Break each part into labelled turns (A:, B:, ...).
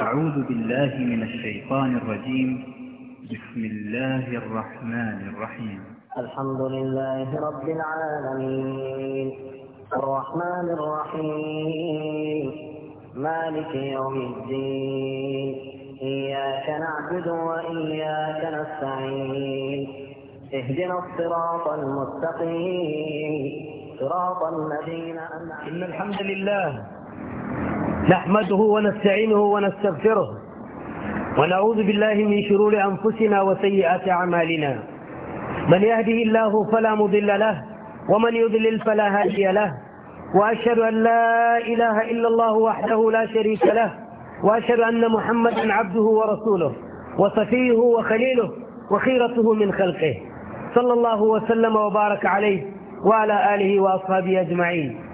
A: أعوذ بالله من الشيطان الرجيم بسم الله الرحمن الرحيم الحمد لله رب العالمين الرحمن الرحيم مالك يوم الدين إياك نعبد وإياك نستعين اهدنا الصراط المستقيم صراط الذين أنعمت إن الحمد لله نحمده ونستعينه ونستغفره ونعوذ بالله من شرور أنفسنا وسيئات أعمالنا من يهده الله فلا مضل له ومن يضلل فلا هادي له وأشهد أن لا إله إلا الله وحده لا شريك له وأشهد أن محمدا عبده ورسوله وصفيه وخليله وخيرته من خلقه صلى الله وسلم وبارك عليه وعلى آله وأصحابه أجمعين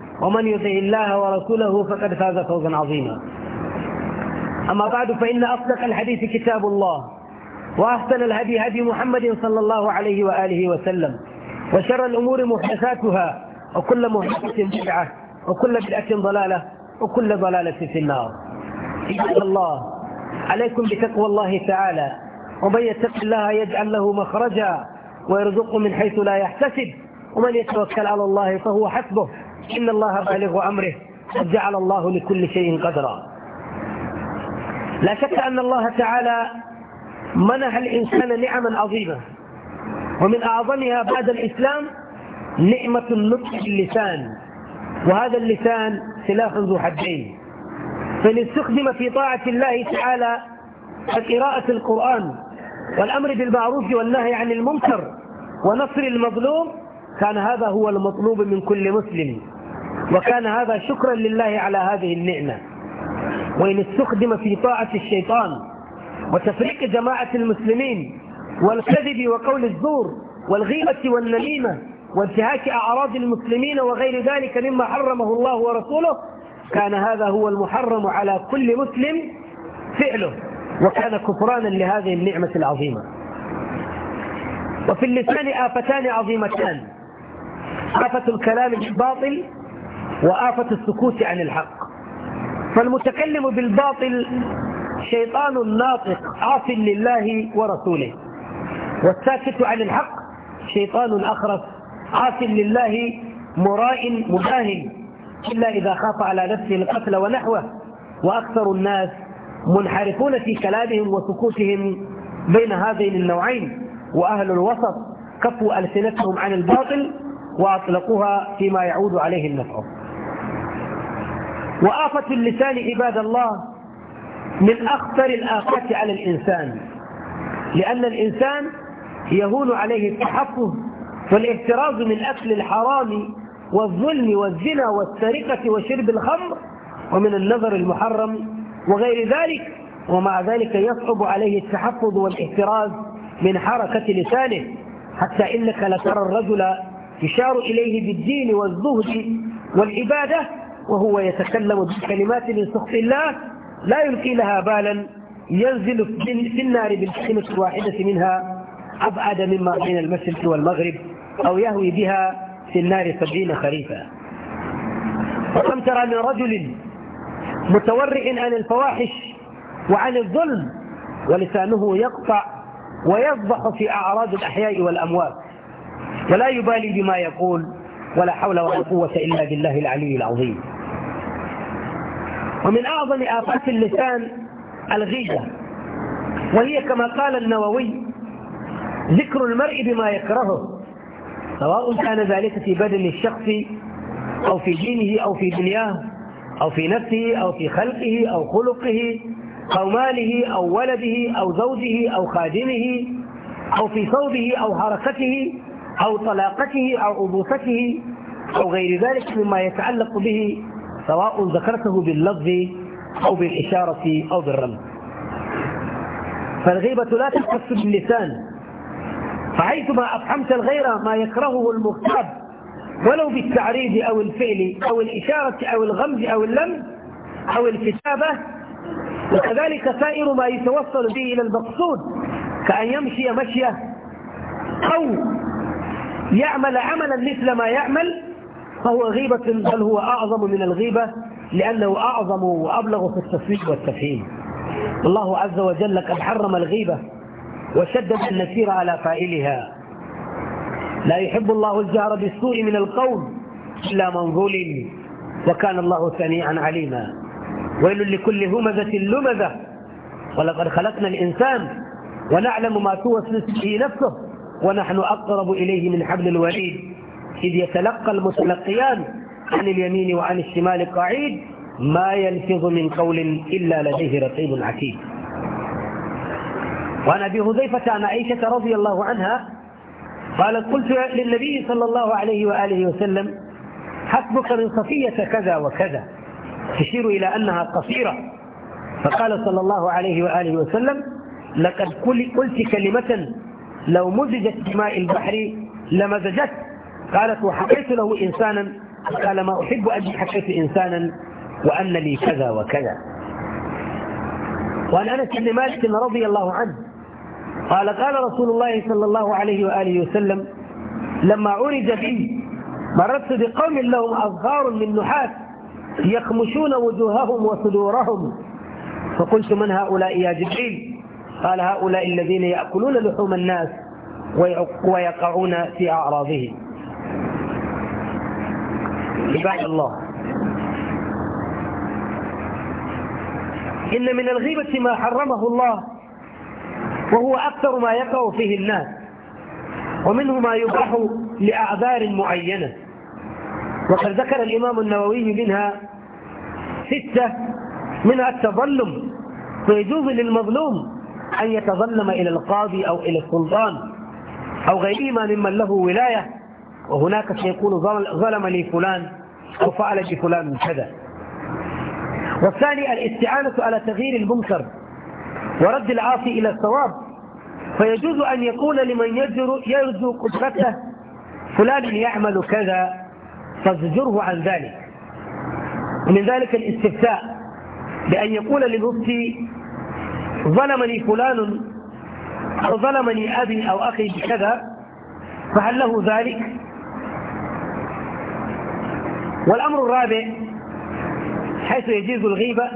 A: ومن يطع الله ورسوله فقد فاز فوزا عظيما أما بعد فإن أصدق الحديث كتاب الله وأحسن الهدي هدي محمد صلى الله عليه وآله وسلم وشر الأمور محدثاتها وكل محدثة بدعة وكل بدعة ضلالة وكل ضلالة في النار عباد الله عليكم بتقوى الله تعالى ومن يتق الله يجعل له مخرجا ويرزقه من حيث لا يحتسب ومن يتوكل على الله فهو حسبه إن الله بالغ أمره قد جعل الله لكل شيء قدرا لا شك أن الله تعالى منح الإنسان نعما عظيمة ومن أعظمها بعد الإسلام نعمة النطق باللسان وهذا اللسان سلاح ذو حدين فإن استخدم في طاعة الله تعالى قراءة القرآن والأمر بالمعروف والنهي عن المنكر ونصر المظلوم كان هذا هو المطلوب من كل مسلم وكان هذا شكرا لله على هذه النعمة وإن استخدم في طاعة الشيطان وتفريق جماعة المسلمين والكذب وقول الزور والغيبة والنميمة وانتهاك أعراض المسلمين وغير ذلك مما حرمه الله ورسوله كان هذا هو المحرم على كل مسلم فعله وكان كفرانا لهذه النعمة العظيمة وفي اللسان آفتان عظيمتان آفة الكلام الباطل وآفة السكوت عن الحق فالمتكلم بالباطل شيطان ناطق عاص لله ورسوله والساكت عن الحق شيطان أخرس عاص لله مراء مباهن إلا إذا خاف على نفسه القتل ونحوه وأكثر الناس منحرفون في كلامهم وسكوتهم بين هذين النوعين وأهل الوسط كفوا ألسنتهم عن الباطل وأطلقوها فيما يعود عليه النفع وآفة اللسان عباد الله من أخطر الآفات على الإنسان لأن الإنسان يهون عليه التحفظ والاحتراز من أكل الحرام والظلم والزنا والسرقة وشرب الخمر ومن النظر المحرم وغير ذلك ومع ذلك يصعب عليه التحفظ والاحتراز من حركة لسانه حتى إنك لترى الرجل يشار إليه بالدين والزهد والعبادة وهو يتكلم بكلمات من سخط الله لا يلقي لها بالا ينزل في النار بالكلمة الواحدة منها أبعد مما بين المشرق والمغرب أو يهوي بها في النار سبعين خريفا وكم ترى من رجل متورع عن الفواحش وعن الظلم ولسانه يقطع ويفضح في أعراض الأحياء والأموات ولا يبالي بما يقول ولا حول ولا قوة إلا بالله العلي العظيم ومن أعظم آفات اللسان الغيبة وهي كما قال النووي ذكر المرء بما يكرهه سواء كان ذلك في بدن الشخص أو في دينه أو في دنياه أو في نفسه أو في خلقه أو خلقه أو ماله أو ولده أو زوجه أو خادمه أو في صوبه أو حركته أو طلاقته أو ابوسته أو غير ذلك مما يتعلق به سواء ذكرته باللفظ أو بالإشارة أو بالرمز فالغيبة لا تختص باللسان فحيثما أفحمت الغير ما يكرهه المغتاب ولو بالتعريض أو الفعل أو الإشارة أو الغمز أو اللمز أو الكتابة وكذلك سائر ما يتوصل به إلى المقصود كأن يمشي مشية أو يعمل عملا مثل ما يعمل فهو غيبة بل هو أعظم من الغيبة لأنه أعظم وأبلغ في التفسيق والتفهيم الله عز وجل قد حرم الغيبة وشدد النسير على فائلها لا يحب الله الجهر بالسوء من القول إلا من ظلم وكان الله سميعا عليما ويل لكل همزة لمزة ولقد خلقنا الإنسان ونعلم ما توسوس به نفسه ونحن أقرب إليه من حبل الوريد إذ يتلقى المتلقيان عن اليمين وعن الشمال قعيد ما يلفظ من قول إلا لديه رقيب عتيد وعن أبي هذيفة عن عائشة رضي الله عنها قالت قلت للنبي صلى الله عليه وآله وسلم حسبك من صفية كذا وكذا تشير إلى أنها قصيرة فقال صلى الله عليه وآله وسلم لقد قلت كلمة لو مزجت بماء البحر لمزجت قالت وحكيت له إنسانا قال ما أحب أن حكيت إنسانا وأن لي كذا وكذا وعن أنس بن مالك رضي الله عنه قال قال رسول الله صلى الله عليه وآله وسلم لما عرج بي مررت بقوم لهم أظهار من نحاس يخمشون وجوههم وصدورهم فقلت من هؤلاء يا جبريل قال هؤلاء الذين يأكلون لحوم الناس ويقعون في أعراضهم عباد الله إن من الغيبة ما حرمه الله وهو أكثر ما يقع فيه الناس ومنه ما يباح لأعذار معينة وقد ذكر الإمام النووي منها ستة منها التظلم فيجوز للمظلوم أن يتظلم إلى القاضي أو إلى السلطان أو غيرهما ممن له ولاية وهناك سيكون ظلم لفلان فلان أو فعل بفلان كذا والثاني الاستعانة على تغيير المنكر ورد العاصي إلى الصواب فيجوز أن يقول لمن يرجو قدرته فلان يعمل كذا فازجره عن ذلك ومن ذلك الاستفتاء بأن يقول للمفتي ظلمني فلان أو ظلمني أبي أو أخي بكذا فهل له ذلك والأمر الرابع حيث يجيز الغيبة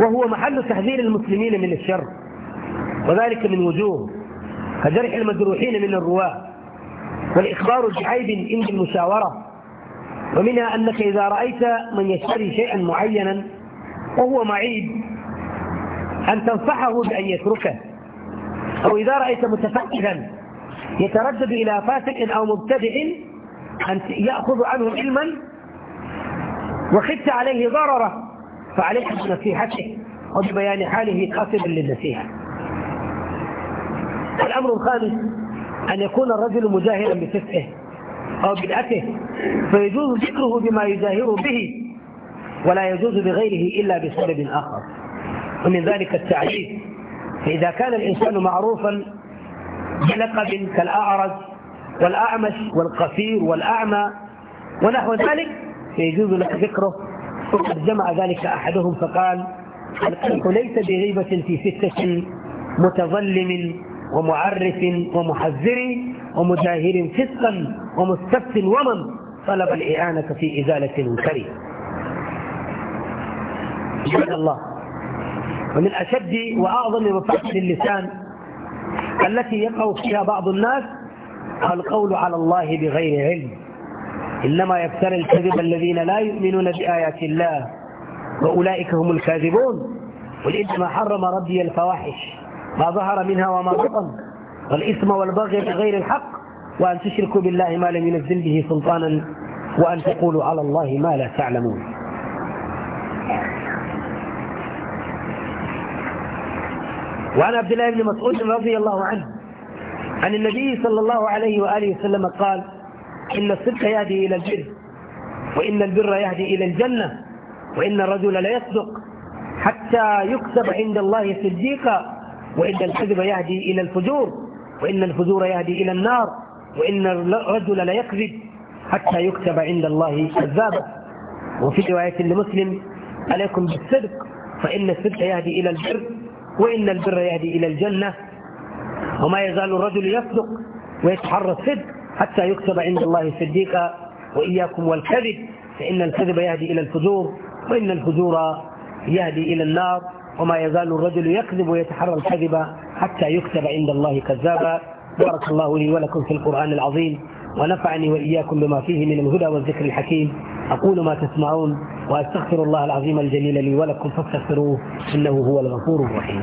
A: وهو محل تحذير المسلمين من الشر وذلك من وجوه كجرح المجروحين من الرواه والإخبار بعيب عند المشاورة ومنها أنك إذا رأيت من يشتري شيئا معينا وهو معيب أن تنصحه بأن يتركه أو إذا رأيت متفكرا يتردد إلى فاسق أو مبتدع أن يأخذ عنه علما وخدت عليه ضرره فعليك بنصيحته وببيان حاله قاسما للنصيحة الأمر الخامس أن يكون الرجل مجاهرا بفتحه أو بدعته فيجوز ذكره بما يجاهر به ولا يجوز بغيره إلا بسبب آخر ومن ذلك التعريف فإذا كان الإنسان معروفا بلقب كالأعرج والأعمش والقصير والأعمى ونحو ذلك فيجوز لك ذكره وقد جمع ذلك أحدهم فقال القلق ليس بغيبة في ستة متظلم ومعرف ومحذر ومجاهر فسقا ومستفت ومن طلب الإعانة في إزالة المنكر سبحان الله ومن أشد وأعظم مفاتن اللسان التي يقع فيها بعض الناس القول على الله بغير علم إنما يفتري الكذب الذين لا يؤمنون بآيات الله وأولئك هم الكاذبون قل إنما حرم ربي الفواحش ما ظهر منها وما بطن والإثم والبغي بغير الحق وأن تشركوا بالله ما لم ينزل به سلطانا وأن تقولوا على الله ما لا تعلمون وعن عبد الله بن مسعود رضي الله عنه عن النبي صلى الله عليه وآله وسلم قال إن الصدق يهدي إلى البر وإن البر يهدي إلى الجنة وإن الرجل ليصدق حتى يكتب عند الله صديقا وإن الكذب يهدي إلى الفجور وإن الفجور يهدي إلى النار وإن الرجل ليكذب حتى يكتب عند الله كذابا وفي رواية لمسلم عليكم بالصدق فإن الصدق يهدي إلى البر وإن البر يهدي إلى الجنة وما يزال الرجل يصدق ويتحرى الصدق حتى يكتب عند الله صديقا وإياكم والكذب فإن الكذب يهدي إلى الفجور وإن الفجور يهدي إلى النار وما يزال الرجل يكذب ويتحرى الكذب حتى يكتب عند الله كذابا بارك الله لي ولكم في القرآن العظيم ونفعني وإياكم بما فيه من الهدى والذكر الحكيم أقول ما تسمعون وأستغفر الله العظيم الجليل لي ولكم فاستغفروه إنه هو الغفور الرحيم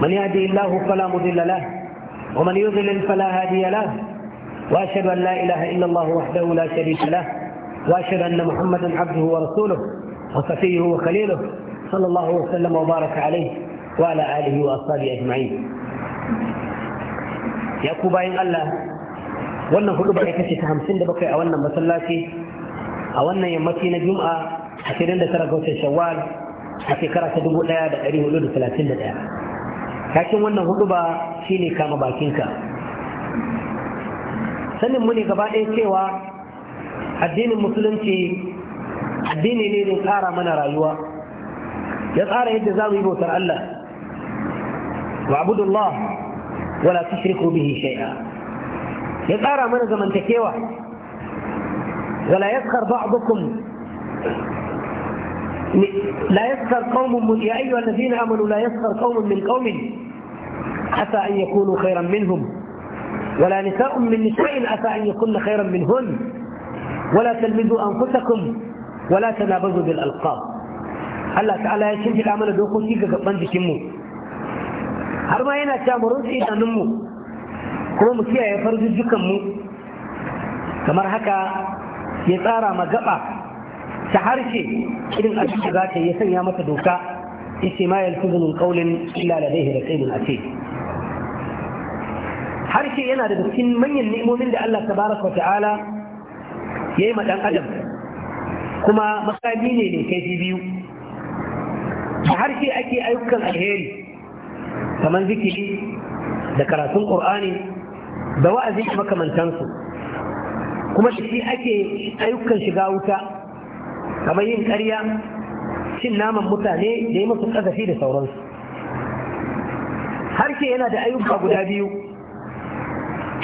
A: من يهدي الله فلا مضل له ومن يضلل فلا هادي له واشهد ان لا اله الا الله وحده لا شريك له واشهد ان محمدا عبده ورسوله وصفيه وخليله صلى الله وسلم وبارك عليه وعلى اله واصحابه اجمعين يا كوباين الله وانا هدوء بك تتهم سند بك او انا مسلاتي او انا يمتي نجمع حتى لندى تركوت الشوال حتى كرة دبو الله دقريه ثلاثين دقائق takin wannan hudu ba shine kama bakinka sanin mu ne gaba ɗaya cewa addinin musulunci addini ne da tsara mana rayuwa ya tsara yadda za mu yi bautar Allah wa abudullah wala tushriku bihi shay'a ya tsara mana zamantakewa wala yaskar ba'dukum لا يسخر قوم من يا أيها الذين آمنوا لا يسخر قوم من قوم عسى أن يكونوا خيرا منهم ولا نساء من نساء عسى أن يكون خيرا منهن ولا تلمذوا أنفسكم ولا تنابزوا بالألقاب الله تعالى يشد الامل mana dokoki كبان gaban jikinmu har ma yana cewa mu rutsi idanunmu kuma mu kiyaye farjujjukanmu kamar haka ta harshe irin abin za ta yi sanya mata doka yace ma yalfizu min qawlin illa ladayhi raqibun ce. harshe yana da cikin manyan ni'imomin da Allah tabaraka wa ta'ala yayi ma ɗan adam kuma makami ne ne kai biyu da harshe ake ayyukan alheri kamar zikiri da karatun ƙur'ani da wa'azi makamantansu kuma da shi ake ayyukan shiga wuta kamar yin ƙarya cin naman mutane da yi musu ƙazafi da sauransu harshe yana da ayyuka guda biyu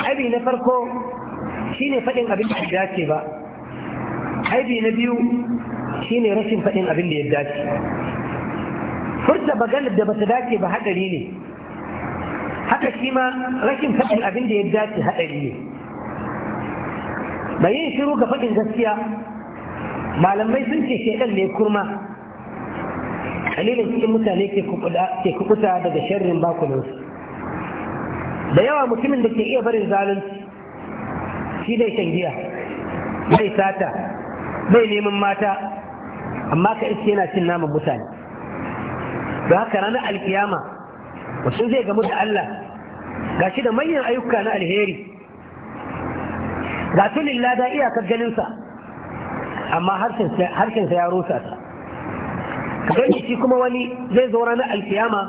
A: aibi na farko shine faɗin abin da ya dace ba aibi na biyu shine rashin faɗin abin da ya dace furta maganar da ba ta dace ba haɗari ne haka shi ma rashin faɗin abin da ya dace haɗari ne bayin shiru ga faɗin gaskiya malamai sun ce shaidan ne kurma kalilin cikin mutane ke kukuta daga sharrin bakulinsu da yawa mutumin da ke iya barin zalunci shi dai shan giya mai sata mai neman mata amma ka iske yana cin naman mutane da haka ranar alkiyama wasu zai gamu da Allah ga shi da manyan ayyuka na alheri ga tunin lada iyakar ganinsa amma harshensa ya rusa ta kan shi kuma wani zai zo ranar alkiyama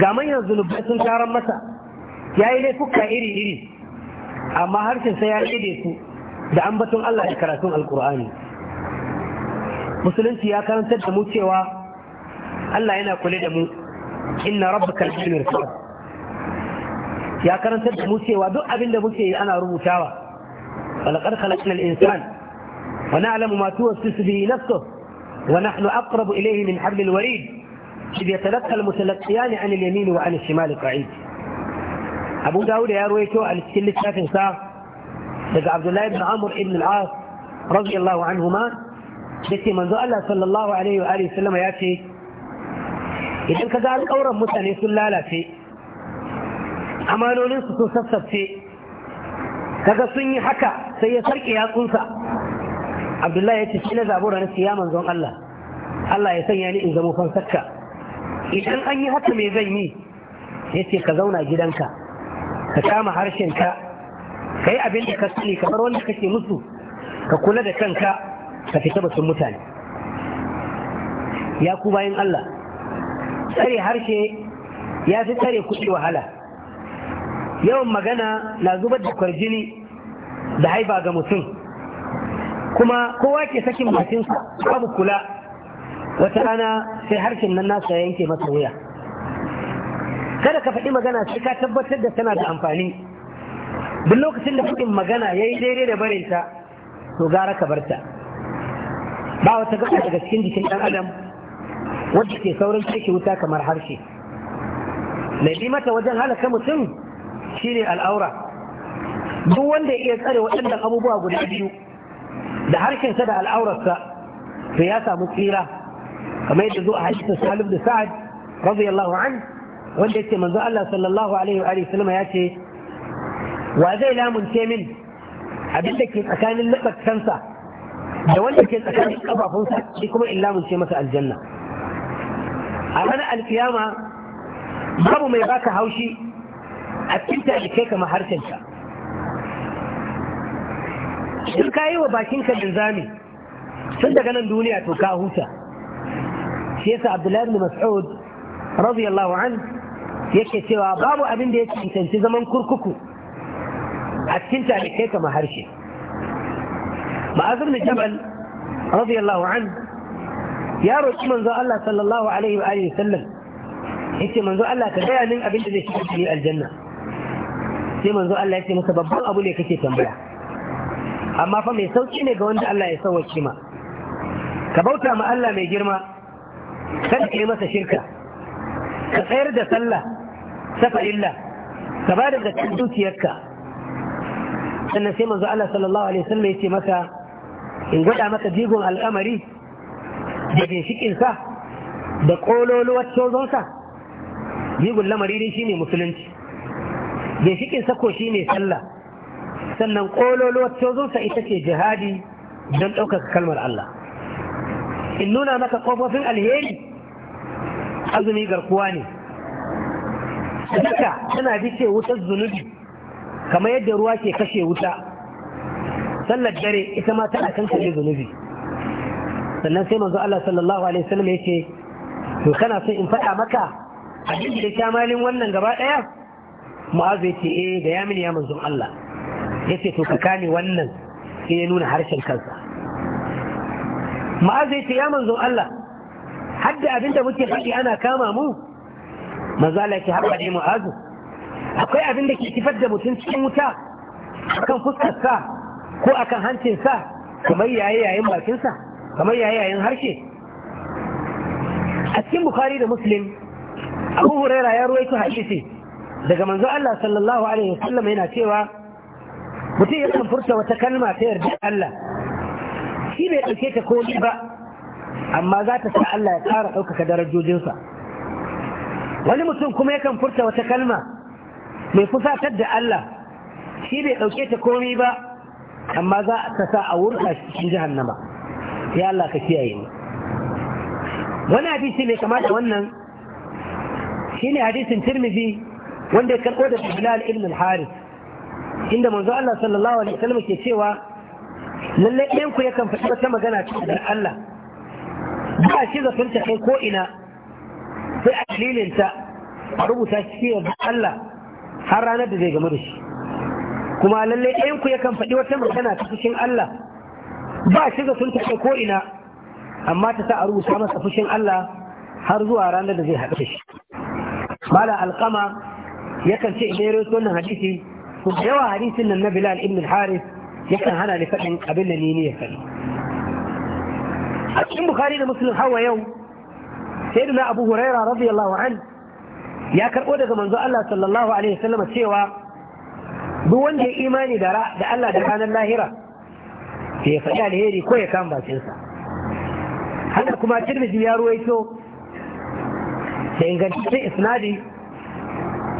A: ga manyan zunubai sun karan masa ya yi laifuka iri-iri amma harshensa ya rage su da ambaton Allah da karatun alkur'ani musulunci ya karantar da mu cewa Allah yana kula da mu inna rabbaka al-alimir ya karantar da mu cewa duk abin da muke yi ana rubutawa walaqad khalaqna al-insana ونعلم ما توسوس به نفسه ونحن أقرب إليه من حبل الوريد إذ يتلقى المتلقيان عن اليمين وعن الشمال قعيد أبو داود يا رويتو عن السل الشافن ساعة daga Abdullahi ibn Amr ibn al-As radiyallahu anhuma yace manzo Allah sallallahu alaihi wa alihi sallama yace idan kaga alƙawran mutane sun lalace amanonin su sun sassafce kaga sun yi haka sai ya sarke yatsunsa abdullahi ya ce shi na zabo na siya manzon Allah Allah ya sanya ni in zama fansarka idan an yi haka me zan yi ya ce ka zauna gidanka ka kama harshenka ka yi abin da ka sani kamar wanda kake musu ka kula da kanka ka fita batun mutane ya ku bayan Allah tsare harshe ya fi tsare kuɗi wahala yawan magana na zubar da kwarjini da haiba ga mutum kuma kowa ke sakin bakinsa babu kula wata rana sai harshen nan nasa ya yanke masa wuya kada ka faɗi magana sai ka tabbatar da tana da amfani duk lokacin da faɗin magana ya yi daidai da barinta to gara ka barta ba wata gaba daga cikin jikin ɗan adam wadda ke saurin cike wuta kamar harshe mai bi mata wajen halaka mutum shine al'aura duk wanda ya iya tsare waɗannan abubuwa guda biyu da harshensa da al'aurarsa to ya samu tsira kamar yadda zo a hadisin Salim da Sa'ad radiyallahu an wanda yake manzo Allah sallallahu alaihi wa alihi sallama ya ce wa zai lamunce min abin da ke tsakanin labattansa da wanda ke tsakanin kafafunsa shi kuma in lamunce masa aljanna a ranar alkiyama babu mai baka haushi a cikin da kai kamar harshenka in ka yi wa bakinka linzami tun daga nan duniya to ka huta shi yasa abdullahi bin mas'ud radiyallahu an yake cewa babu abin da ya cancanci zaman kurkuku a cikin talibai kamar harshe ma'azin da jabal radiyallahu an ya roƙi manzo Allah sallallahu alaihi wa alihi sallam yace manzo Allah ka gaya min abin da zai shiga cikin aljanna sai manzo Allah yace masa babban abu ne kake tambaya amma fa mai sauki ne ga wanda Allah ya sauwake ma ka bauta ma Allah mai girma kada ka yi masa shirka ka tsayar da sallah safa illa ka ba da zakar dukiyarka sannan sai manzo Allah sallallahu alaihi wasallam yace maka in gwada maka digon al'amari da ginshikin sa da kololuwar tozon sa digon lamari dai shine musulunci ginshikin sa ko shine sallah sannan kololo tozonsa ita ce jihadi don ɗaukaka kalmar Allah in nuna maka ƙofofin alheri azumi garkuwa ne sadaka tana bice wutar zunubi kamar yadda ruwa ke kashe wuta sallar dare ita ma tana kankare zunubi sannan sai manzo Allah sallallahu alaihi wasallam ce, to kana son in faɗa maka abin da ya malin wannan gaba ɗaya ya ce eh da ya mini ya manzon Allah ya ce to ka kane wannan sai ya nuna harshen kansa ma'az ce ya manzo Allah hadda abinda muke faɗi ana kama mu maza Allah ke haɓa ne mu'azu akwai abinda ke kifar da mutum cikin wuta akan fuskarsa ko akan hancinsa kamar yaye yayin bakinsa kamar yaye yayin harshe a cikin bukari da muslim abu huraira ya ruwaito hadisi daga manzo Allah sallallahu alaihi wasallam yana cewa mutum ya kan furta wata kalma ta yarda Allah shi bai ɗauke ta koli ba amma za ta sa Allah ya ƙara ɗaukaka darajojinsa wani mutum kuma ya kan furta wata kalma mai fusatar da Allah shi bai ɗauke ta komi ba amma za ta sa a wurɗa cikin jahannama ya Allah ka kiyaye ni. wani hadisi mai kama da wannan shine hadisin Tirmidhi wanda ya karɓo da Bilal ibn al-Harith inda manzo Allah sallallahu alaihi wasallam ke cewa lalle ɗayan ku yakan faɗi wata magana ta da Allah ba shi da ta kai ko ina sai a dalilin ta a rubuta cikin yadda Allah har ranar da zai gamu da shi kuma lalle ɗayan ku yakan faɗi wata magana ta cikin Allah ba shi da ta kai ko ina amma ta sa a rubuta masa fushin Allah har zuwa ranar da zai haɗu da shi. Bala alƙama yakan ce idan ya rasu wannan hadisi to da yawa hadisin nan na bilal ibn haris yakan hana ni faɗin abin da ni ne ya faɗi a cikin bukhari da muslim hawa yau sai da abu huraira radiyallahu an ya karbo daga manzo allah sallallahu alaihi wasallam cewa duk wanda ya imani da Allah da ranar lahira da ya faɗi alheri ko ya kama bakinsa haka kuma tirmidhi ya ruwaito da ingantaccen isnadi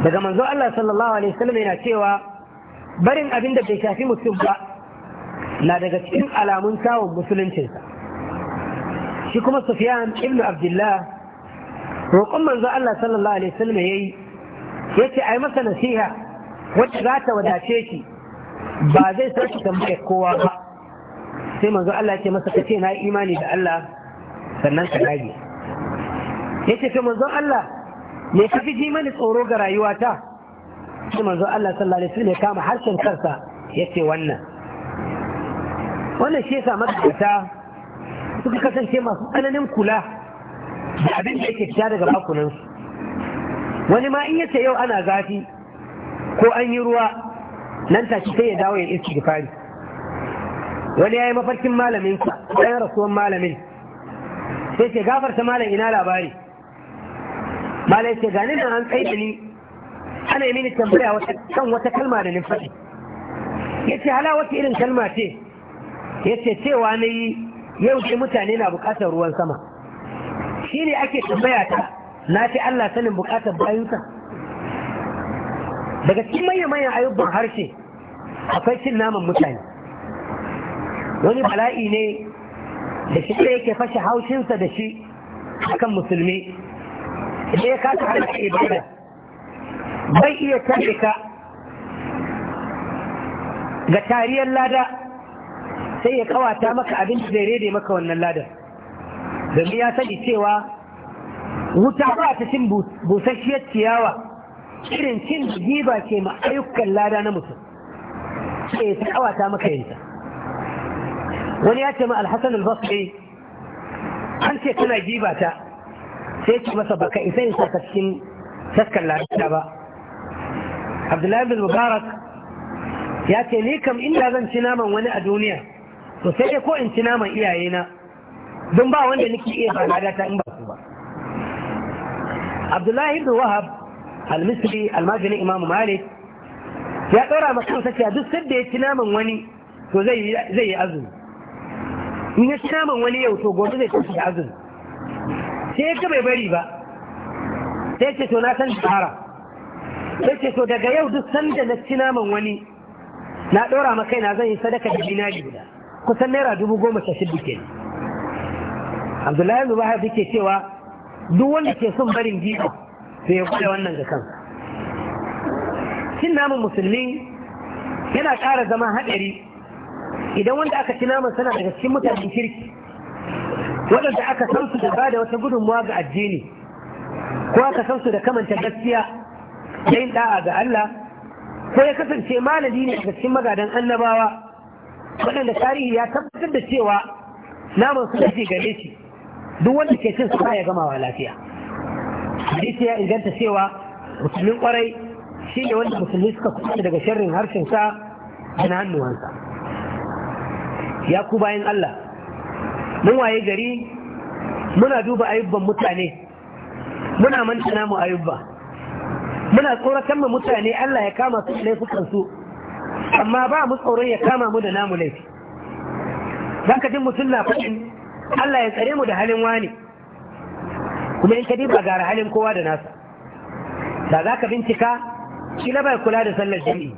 A: daga manzo Allah sallallahu alaihi wasallam yana cewa barin abin da bai shafi mutum ba na daga cikin alamun kawon musuluncinsa shi kuma Sufyan ibn Abdullah roƙon manzo Allah sallallahu alaihi wasallam yayi yace ai masa nasiha wacce za ta wadace ki ba zai sake tambaye kowa ba sai manzo Allah yake masa kace na imani da Allah sannan ka dage yace kai manzo Allah me kafi ji mani tsoro ga rayuwata sai manzo Allah sallallahu alaihi wasallam ya kama harshen kansa yace wannan wannan shi yasa mata suka kasance masu tsananin kula da abin da yake fita daga bakunan su wani ma in yace yau ana zafi ko an yi ruwa nan take sai ya dawo ya da fari. wani yayi mafarkin malamin sa ɗan rasuwan malamin sai ce gafarta malam ina labari malai ce gani nan an tsaye ni ana yi mini tambaya kan wata kalma da nufaɗi ya ce hala wata irin kalma ce ya ce cewa na yi yau ce mutane na bukatar ruwan sama shi ne ake tambaya ta na ce Allah sanin bukatar bayansa daga cikin manya-manyan ayyukan harshe akwai cin naman mutane wani bala'i ne da shi ɗaya yake fashe haushinsa da shi akan musulmi idan ya kasa harkar ibada bai iya kashe ka ga tariyar lada sai ya kawata maka abinci da rede maka wannan Lada, domin ya sani cewa wuta ba ta cin busasshiyar ciyawa irin cin jiba ce ma ayyukan lada na mutum sai ya kawata maka yanta wani ya ce ma alhassan albasri an ce kana giba ta sai ce masa baka isa yin saka cikin saskan lada ba abdullahi bin mubarak ya ce ni kam inda zan ci naman wani a duniya to sai dai ko in ci naman iyayena don ba wanda nake iya ba ta in ba su ba abdullahi bin wahab al-misri almajirin imamu malik ya ɗora ma kansa cewa duk sadda ya ci naman wani to zai yi azumi in ya ci naman wani yau to gobe zai tafi azumi sai ya bai bari ba sai ce to na san tsara sai to daga yau duk sanda na ci naman wani na ɗora ma kaina zan yi sadaka da dinari guda kusan naira dubu goma sha shida ke abdullahi zubair ke cewa duk wanda ke son barin gizo to ya gwada wannan ga kansa cin naman musulmi yana ƙara zama haɗari idan wanda aka ci naman sana daga cikin mutanen kirki waɗanda aka san su da bada wata gudunmawa ga addini ko aka san su da kamanta gaskiya da da'a ga Allah ko ya kasance malami ne a cikin magadan annabawa waɗanda tarihi ya tabbatar da cewa naman su da gare shi duk wanda ke cin su ba ya gamawa lafiya hadisi ya inganta cewa musulmin kwarai shi ne wanda musulmi suka kusa daga sharrin sa da na hannuwansa ya ku bayan Allah mun waye gari muna duba ayyuban mutane muna manta namu ayyuba muna tsoratar mu mutane Allah ya kama su laifukan su amma ba mu tsoron ya kama mu da namu laifi ka jin mutum na faɗin Allah ya tsare mu da halin wani kuma in ka diba gara halin kowa da nasa da za ka bincika kila bai kula da sallar jami'i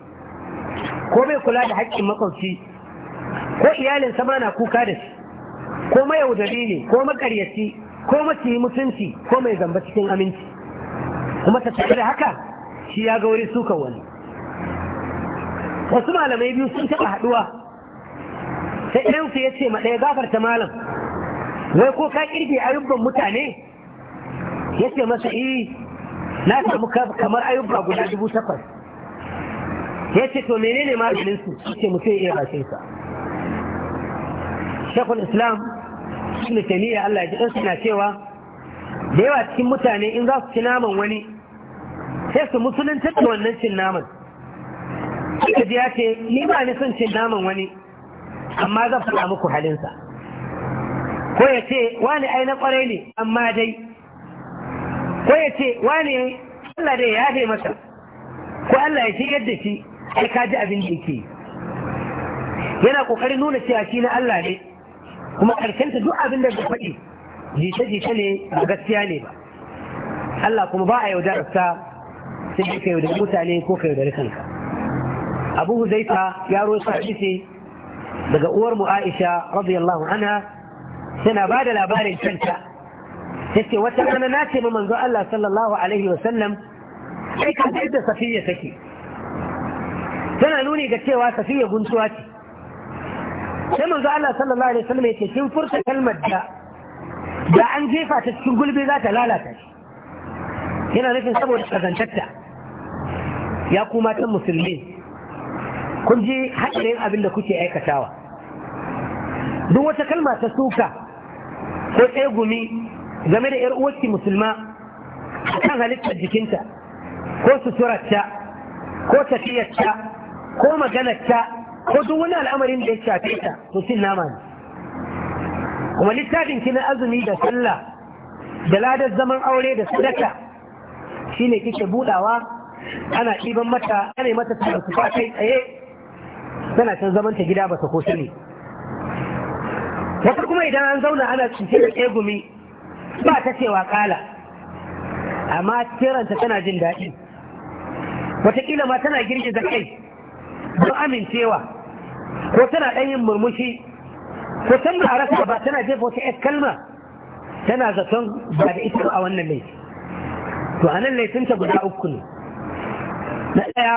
A: ko bai kula da haƙƙin makwabci ko iyalin sama na kuka da shi ko mayaudari ne ko makaryaci ko mutunci ko mai zamba cikin aminci kuma ta tafi da haka shi ya ga wuri suka wani wasu malamai biyu sun taɓa haɗuwa sai su ya ce ma ɗaya gafarta malam wai ko ka ƙirge ayubban mutane ya ce masa eh na samu kamar ayubba guda dubu takwas ya ce to menene maganinsu su ce mutum ya iya bashin sa shekul islam mutane ya Allah ya ji ɗansu na cewa da yawa cikin mutane in za su ci naman wani sai su musulunta da wannan cin naman suka ji ya ce ni ba ni son cin naman wani amma zan faɗa muku halinsa ko ya ce wani ai na kwarai ne amma dai ko ya ce wani Allah dai ya dai masa ko Allah ya shigar da shi ai ka ji abin da yake yana kokarin nuna cewa shi na Allah ne kuma karkenta duk abin da faɗi jita-jita ne ba gaskiya ne ba Allah kuma ba a yaudararsa sai ka yaudari mutane ko ka yaudari kanka abu huzaifa ya rosa hadisi daga uwar mu aisha radiyallahu anha tana ba da labarin kanta yace wata rana na ce ma manzo Allah sallallahu alaihi wa sallam kai ka da safiya take tana nuni ga cewa safiya guntuwa ce sai manzo Allah sallallahu alaihi wa sallam yace kin furta kalmar da da an jefa ta cikin gulbe za ta lalata shi yana nufin saboda kazantarta ya kuma ta musulmi kun ji haɗarin abin da kuke aikatawa duk wata kalma ta suka ko tsaye gumi game da ‘yar uwarki musulma kan halittar jikinta ko suturarta ko tafiyarta ko maganarta ko duk wani al'amarin da ya shafe ta to cin nama ne kuma littafin ki azumi da sallah da ladar zaman aure da sadaka shine kike budawa ana ɗiban mata ana mata tarkuta kai tsaye tana can zaman ta gida ba ta ko sani wata kuma idan an zauna ana cike da tsegumi ba ta cewa kala amma kiranta tana jin daɗi watakila ma tana girgiza kai don amincewa ko tana ɗan yin murmushi ko can ba rasa ba tana jefa wata yar kalma tana zaton ba da ita a wannan laifi to a nan laifinta guda uku ne na ɗaya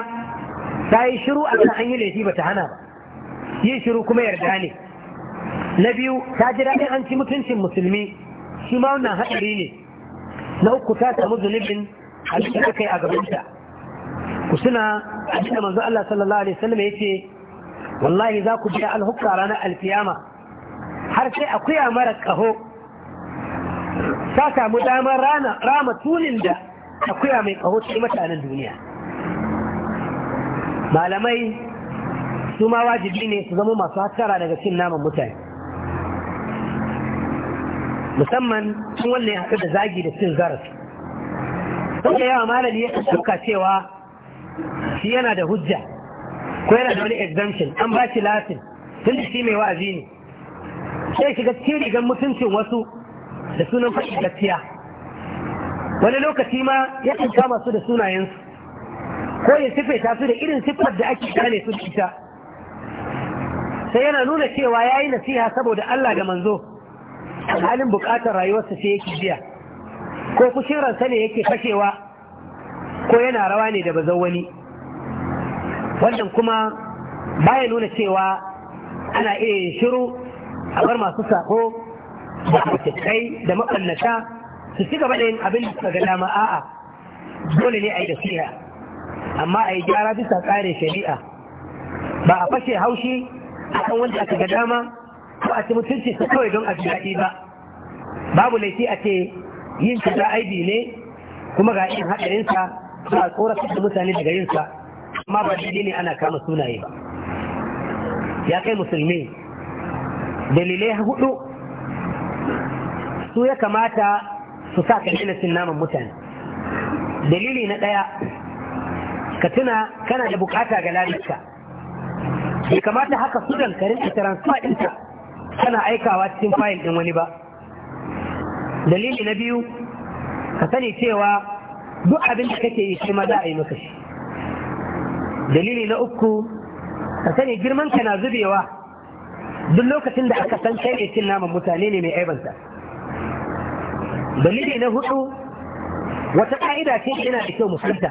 A: ta yi shiru a kan an yi laifi ba ta hana ba yin shiru kuma yarda ne na biyu ta ji daɗin an ci mutuncin musulmi shi ma wannan haɗari ne na uku ta samu zunubin abin da kai a gabanta ku suna abin da manzo Allah sallallahu alaihi wasallam yace wallahi za ku biya alhukka ranar alkiyama har sai akuya mara kaho ta samu damar rama tunin da akuya mai kaho ta mutanen duniya malamai su ma wajibi ne su zama masu hatsara daga cin naman mutane musamman sun wannan haɗu da zagi da cin zarafi wanda yawa malami ya suka cewa shi yana da hujja ko yana da wani exemption an ba shi latin tun da shi mai wa'azi ne sai shiga cikin rigar mutuncin wasu da sunan faɗi gaskiya wani lokaci ma ya kama su da sunayensu ko ya ta su da irin siffar da ake gane su da ita sai yana nuna cewa ya yi nasiha saboda Allah da manzo halin bukatar rayuwarsa sai yake biya ko kushiransa ne yake fashewa ko yana rawa ne da bazan wani wannan kuma baya nuna cewa ana iya yin shiru a bar masu sako da kai da maɓannata su ci gaba da yin abin da ga dama a'a dole ne a yi da siya amma a yi gyara bisa tsare shari'a ba a fashe haushi a kan wanda aka ga dama ko a ci mutunci su kawai don a daɗi ba babu laifi a ce yin kaza aibi ne kuma ga yin haɗarinsa ba a tsoratar da mutane daga yinsa amma ba daidai ne ana kama sunaye ba ya kai musulmi dalilai hudu su ya kamata su sa ka daina cin naman mutane dalili na ɗaya ka tuna kana da bukata ga lalata bai kamata haka sudan dankarin a transfer ɗinta kana aikawa cikin fayil ɗin wani ba dalili na biyu ka sani cewa duk abin da kake yi shi ma za a yi maka shi dalili na uku ka sani girman ka na zubewa duk lokacin da aka san kai ne cin naman mutane ne mai aibanta dalili na hudu wata ka'ida ce ina da kyau musulunta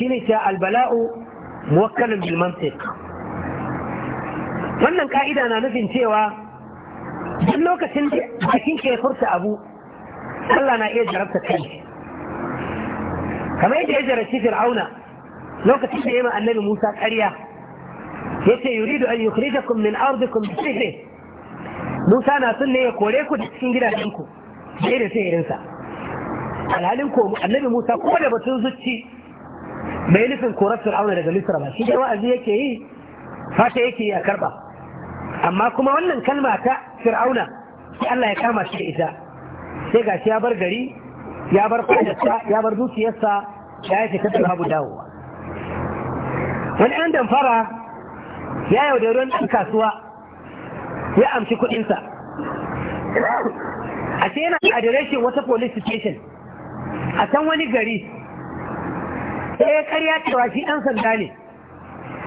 A: ne cewa albala'u muwakkalin bil wannan ka'ida na nufin cewa duk lokacin da jikin ke furta abu Allah na iya jarabta kai kamar yadda ya jarabci fir'auna lokacin da ya ma annabi Musa ƙarya yace yuridu an yukhrijakum min ardikum bi Musa na son ne ya kore ku da cikin gidajen ku sai da sihirin sa alhalin ko annabi Musa ko da batun zuci Mai nufin korar Fir'auna daga Misra ba shi da wa'azi yake yi fata yake yi a karba amma kuma wannan kalma ta Fir'auna sai Allah ya kama shi da ita sai gashi ya bar gari ya bar fadarsa ya bar dukiyarsa ya yi fitar da babu dawowa wani an damfara ya yaudari wani ɗan kasuwa ya amshi kuɗinsa a ce yana adireshin wata police station a can wani gari sai ya karya cewa shi ɗan sanda ne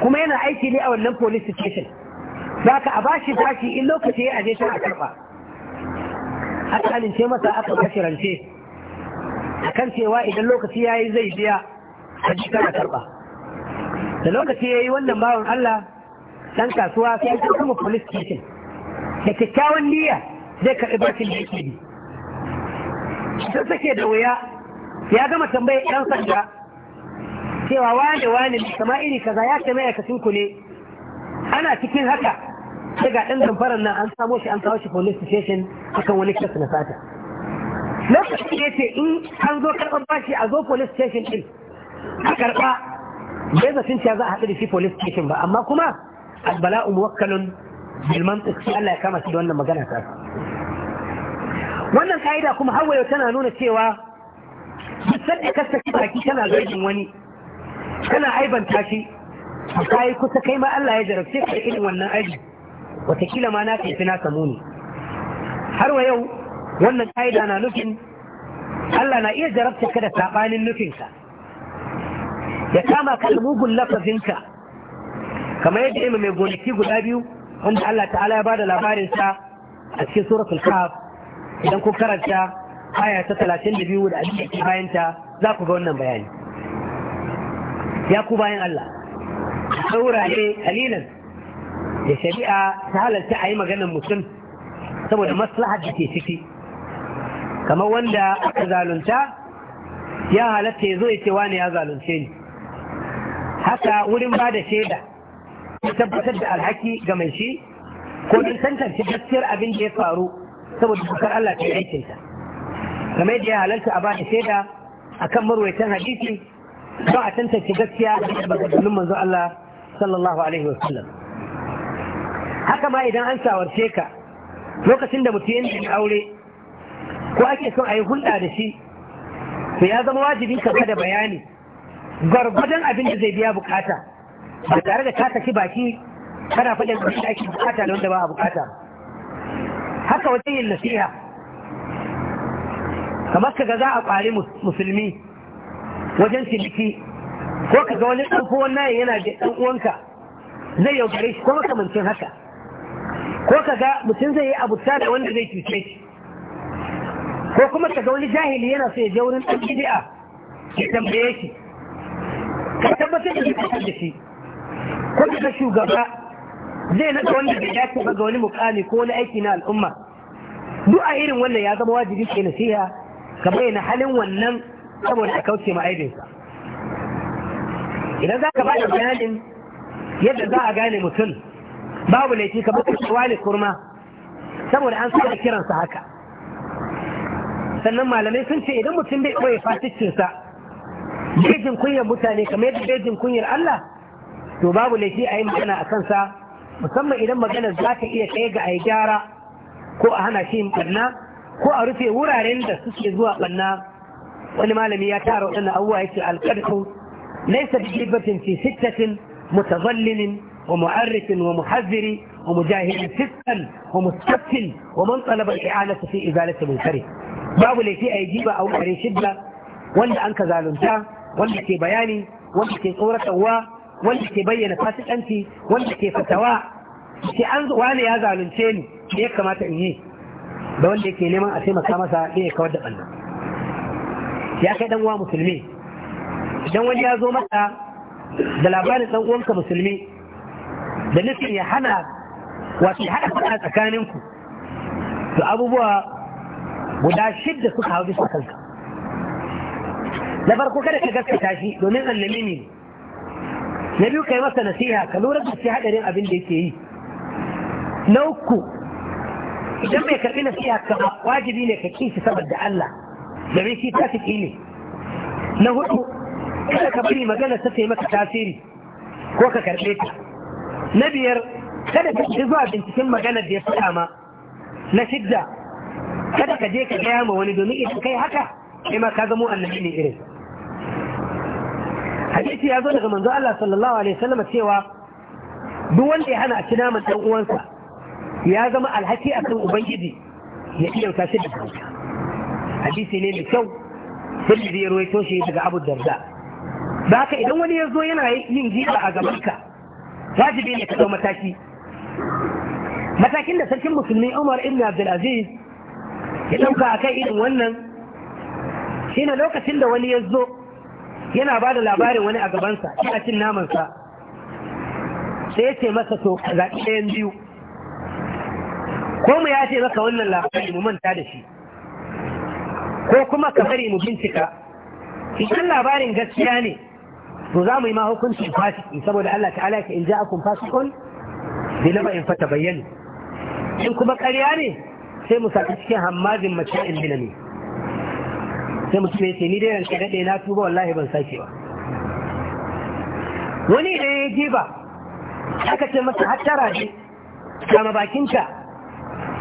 A: kuma yana aiki ne a wannan police station za ka a bashi bashi in lokaci ya aje a karɓa aka alince masa aka bashi rance a kan cewa idan lokaci ya yi zai biya a jikin a karɓa da lokaci ya yi wannan bawan Allah dan kasuwa sai an kuma police station da kyakkyawan niyya zai karɓi bashin da yake bi sun sake da wuya ya gama tambayar ɗan sanda cewa wane wane mai kama iri kaza ya kai ma'aikacin ku ne ana cikin haka sai ga ɗan zamfaran nan an samo shi an kawo shi police station akan wani kes na sata lokacin da ya ce in an zo karɓar bashi a zo police station ɗin a karɓa bai zafin cewa za a haɗu da shi police station ba amma kuma albala'u muwakkalun Gilman mantiq sai Allah ya kama shi da wannan magana ta wannan kaida kuma hawaye tana nuna cewa duk sanda kasta saki baki tana zargin wani kana aibanta shi kai kusa kai ma Allah ya jarabce ka irin wannan aibi watakila ma na kai na samu ne har wa yau wannan kaida na nufin Allah na iya jarabta ka da sabanin nufinka ya kama ka da mugun lafazinka kamar yadda ilmi mai gonaki guda biyu wanda Allah ta'ala ya bada labarin sa a cikin suratul kaha idan ku karanta aya ta 32 da abin da ke bayan za ku ga wannan bayani ya ku bayan Allah ne kalilan da shari'a ta halarta a yi maganar mutum saboda maslahar da ke ciki kamar wanda aka zalunta ya halatta ya zo ya ce wani ya zalunce ni haka wurin ba da shaida ko tabbatar da alhaki ga mai shi ko in tantance gaskiyar abin da ya faru saboda dokar Allah ta aikin ta game da ya halarta a bada shaida akan marwaitan hadisi don a tantance gaskiya da maganganun manzo Allah sallallahu alaihi wa sallam haka ma idan an shawarce ka lokacin da mutum yana aure ko ake son a yi hulɗa da shi to ya zama wajibi ka bada bayani gwargwadon abin da zai biya bukata da tare da ka saki baki kana faɗin abin da ake bukata da wanda ba a bukata haka wajen yin nasiha kamar ka za a ƙwari musulmi wajen ciniki ko ka ga wani ɗan nayin yana da ɗan uwanka zai yaudare shi ko makamancin haka ko ka ga mutum zai yi abuta da wanda zai cuce shi ko kuma ka ga wani jahili yana so ya je wurin ɗan bid'a ya tambaye shi ka tabbatar da shi kuma ta shugaba zai naɗa wanda bai dace ga wani mukami ko na aiki na al'umma duk a irin wannan ya zama wajibi ke nasiha ka bayyana halin wannan saboda a kauce ma aibinsa idan za ka ba da bayanin yadda za a gane mutum babu laifi ka bata cewa ne kurma saboda an sa da kiransa haka sannan malamai sun ce idan mutum bai ɓoye fasikinsa bejin kunyar mutane kamar yadda bejin kunyar Allah to babu laifi a yi magana a kansa musamman idan maganar za ta iya kai ga a gyara ko a hana shi barna ko a rufe wuraren da suke zuwa barna wani malami ya tara waɗannan abubuwa ya ce alƙarfu laisa bi jibatin fi sittatin mutazallilin wa mu'arrifin wa muhazziri wa mujahidin sittan wa mustaqbil wa man talaba i'anata fi izalati munkari babu laifi a yi jiba a wuraren shidda wanda an ka zalunta wanda ke bayani wanda ke tsoratarwa wanda ke bayyana fasikanci wanda ke fatawa ke an wani ya zalunce ni ya kamata in yi da wanda yake neman a taimaka masa ne ya kawar da ɓanna ya kai ɗan uwa musulmi idan wani ya zo masa da labarin ɗan'uwanka uwanka musulmi da nufin ya hana wato ya haɗa faɗa tsakaninku to abubuwa guda shidda suka hau bisa kanka na farko kada ka gaskata shi domin annabi ne na biyu kai masa nasiha ka lura da shi hadarin abin da yake yi na uku idan bai karbi nasiha ka ba wajibi ne ka ki shi saboda Allah domin shi fasiki ne na hudu kada ka bari magana ta sai maka tasiri ko ka karbe ta na biyar kada ka ci zuwa binciken maganar da ya faɗa ma na shidda kada ka je ka gaya ma wani domin idan kai haka kai ma ka zamo annabi ne irin hadisi ya zo daga manzo Allah sallallahu alaihi wasallam cewa duk wanda ya hana a ci naman dan uwansa ya zama alhaki akan ubangiji ya iyauta shi da kanka hadisi ne mai kyau sun da ya ruwaito shi daga Abu Darda da haka idan wani ya zo yana yin jiba a gabanka wajibi ne ka dau mataki matakin da sarkin musulmi Umar ibn Abdulaziz ya ɗauka a kai irin wannan shine lokacin da wani ya zo yana ba da labarin wani a gabansa yana cin namansa sai ya ce masa to zaɓi ɗayan biyu ko mu ya ce maka wannan labari mu manta da shi ko kuma ka bari mu bincika idan labarin gaskiya ne to za mu yi ma hukuncin fasiki saboda Allah ta'ala ka in ja'akum fasikun bi naba'in fata bayyana in kuma ƙarya ne sai mu saki cikin hammazin mace in ne. sai mutum ya ce ni dai ranka daɗe na tuba wallahi ban sake ba wani idan ya je ba aka ce masa har tara ne kama bakinka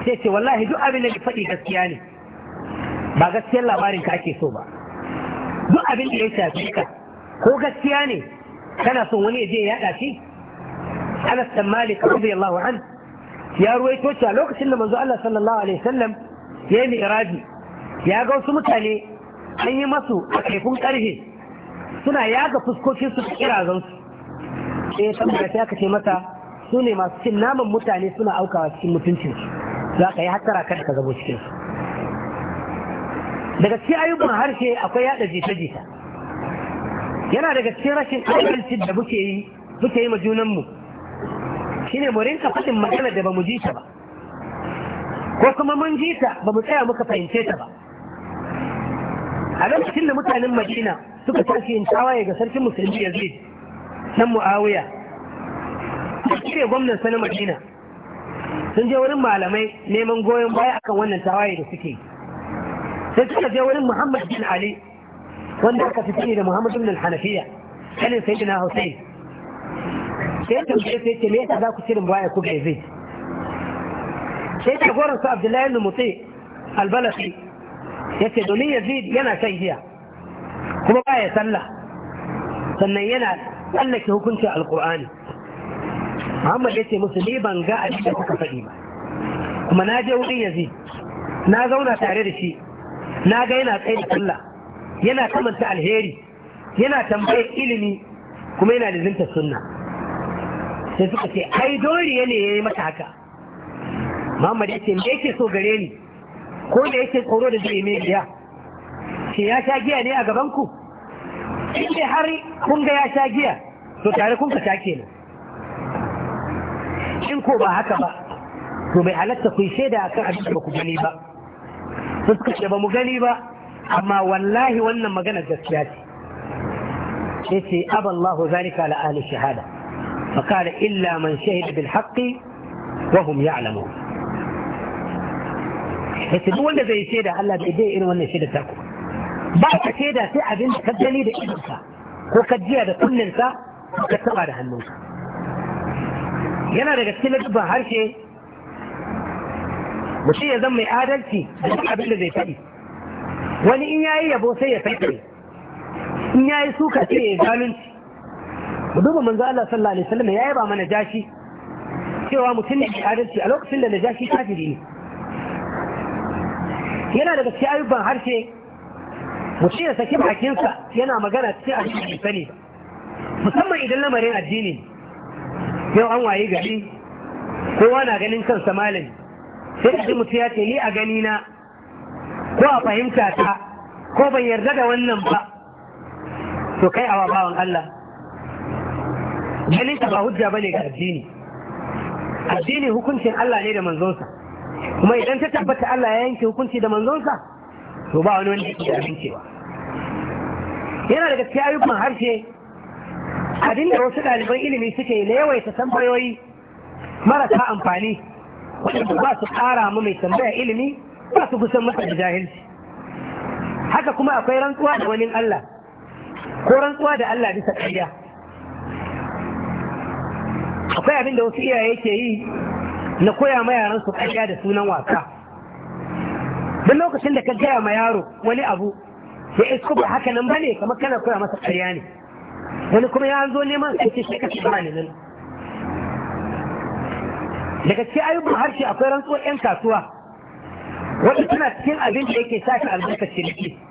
A: sai ce wallahi duk abin da faɗi gaskiya ne ba gaskiyar labarin ka ake so ba duk abin da ya shafi ka ko gaskiya ne kana son wani ya je ya yaɗa shi Anas bin Malik radiyallahu an ya ruwaito cewa lokacin da manzo Allah sallallahu alaihi wasallam ya yi mi'raji ya ga wasu mutane an yi masu a kaifin ƙarfe suna yaga fuskokin su kirazan su eh tambaya sai aka ce masa su ne masu cin naman mutane suna aukawa cikin mutuncin su za ka yi hatsara kada ka zabo cikin su daga cikin ayyukan harshe akwai yada jita-jita yana daga cikin rashin adalci da muke yi muke yi ma junanmu shine mu rinka faɗin magana da mu ji ta ba ko kuma mun ji ta mu tsaya muka fahimce ta ba a lokacin da mutanen madina suka tashi in tawaye ga sarkin musulmi zai nan mu'awiya suke gwamnan sanar madina sun je wurin malamai neman goyon baya akan wannan tawaye da suke sai suka je wurin muhammad bin ali wanda aka fi da muhammad bin hanafiya kanin sayyidina Hausa'i. sai ta tambaye sai ce me yasa za ku cirin baya ku ga yazid sai su abdullahi bin mutai albalasi yace domin yazid yana shan giya kuma ba ya sallah sannan yana tsallake hukuncin alkur'ani muhammad ya ce musu ni ban ga abin da kuka faɗi ba kuma na je wurin yazid na zauna tare da shi na ga yana tsaye da sallah yana kamanta alheri yana tambayar ilimi kuma yana da zinta sunna sai suka ce ai doriya ne ya yi mata haka muhammad ya ce me yake so gare ni ko da yake tsoro da zai mai biya shi ya sha giya ne a gaban ku inda har kun ga ya sha giya to tare kun ka sha kenan in ko ba haka ba to bai halatta ku shaida akan abin da ku gani ba sun suka ce ba mu gani ba amma wallahi wannan magana gaskiya ce ya aballahu zalika ala ahli shahada fa qala illa man shahida bil haqqi wa hum ya'lamun yace duk wanda zai shaida Allah bai dai irin wannan shaida ta ku ba ka shaida sai abin da ka gani da idonka ko ka jiya da kunninka ko ka taba da hannunka yana daga cikin ladabban harshe mutum ya zama mai adalci da duk abin da zai faɗi wani in yayi yabo sai ya faɗi in yayi suka sai ya zalunci mu duba manzo Allah sallallahu alaihi wasallam ya yaba mana jashi cewa mutum ne mai adalci a lokacin da najashi kafiri ne yana daga cikin ayyukan harshe mutum ya saki bakinsa yana magana cikin abin da sani musamman idan lamarin addini yau an waye gari kowa na ganin kansa malami sai ji mutum ya ce ni a gani na ko a fahimta ta ko ban yarda da wannan ba to kai awa bawan Allah ganin ka ba hujja bane ga addini addini hukuncin Allah ne da manzonsa kuma idan ta tabbata Allah ya yanke hukunci da manzonsa to ba wani wanda ya da amincewa yana daga cikin ayyukan harshe abin wasu ɗaliban ilimi suke na yawaita tambayoyi marasa amfani waɗanda ba su ƙara mu mai tambaya ilimi ba su kusan masa da jahilci haka kuma akwai rantsuwa da wani Allah ko rantsuwa da Allah bisa ƙarya akwai abin da wasu iyaye ke yi na koya ma yaran su kashiya da sunan wasa duk lokacin da ka gaya ma yaro wani abu ya isko ba haka nan bane kamar kana koya masa ƙarya ne wani kuma ya zo neman sarki shi kashi ba ne nan daga cikin ayyukan harshe akwai rantsuwar 'yan kasuwa wata tana cikin abin da yake sa shi albarkacin